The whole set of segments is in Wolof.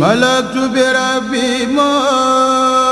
malaktu bi rabbi moo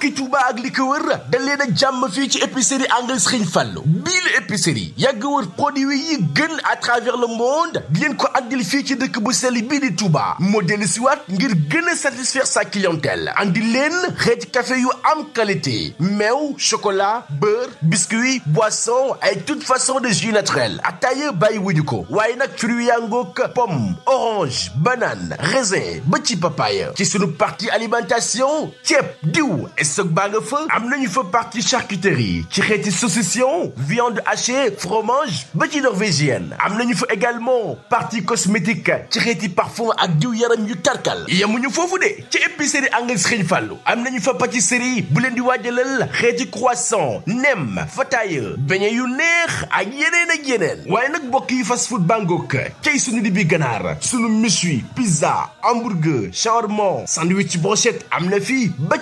mbokki Touba ak li ko wër da leen a jàmm fii ci épicerie Anglais Serigne Fallou bii la épicerie yàgg wër produit yi gën à travers le monde di ko andil fii ci dëkk bu sell bii di Touba moo dellu si waat ngir gën a satisfaire sa clientèle andi leen xeeti café yu am qualité meew chocolat beurre biscuit boisson ay toute façon de jus naturel ataaya bàyyi wuñu ko waaye nag fruit yangook pomme orange banane raisin ba ci papaye ci sunu partie alimentation ceeb diw sëg baa nga fa am nañu fa partie charcuterie ci xeeti saucisson viande hachée fromage ba ci norvégienne am nañu fa également partie cosmétique ci xeeti parfum ak diw yaram yu tarkal ñu foofu de ci épicerie anglaise xëñ fàllu am nañu fa pâtisserie bu leen di waajalal xeeti croissant nem fataye beñe yu neex ak yeneen ak yeneen waaye nag bokk yi fast food bangok cay suñu di bi ganaar suñu méchoui pizza hamburger shawarma sandwich brochette am na fii ba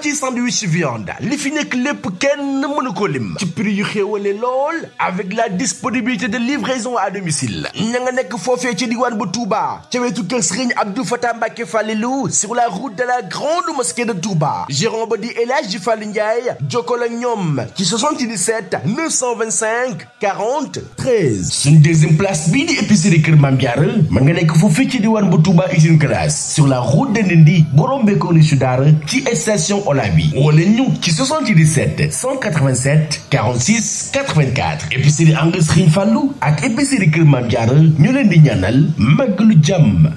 viande li fi nekk lépp kenn mënu ko lim ci prix yu xéewale lool avec la disponibilité de livraison à domicile ña nga nekk foofee ci diwaan bu Touba ca wetu kër Serigne Abdou Fatah Mbacké Falilou sur la route de la grande mosquée de Touba gérant di El Hadji Fall Ndiaye jokkoo ak ñoom ci 77 925 40 13 suñ deuxième place bii di épicerie Kër Mame Diarra ma nga nekk foofee ci diwaan bu Touba usine glace sur la route de Ndindi borom bekooni sudaar ci station Olabi ngeen ñëw ci 77 187 46 84 épicerie Angle Serigne Fallou ak épicerie Kër Mame Diarra ñu leen di ñaanal màggalu jàmm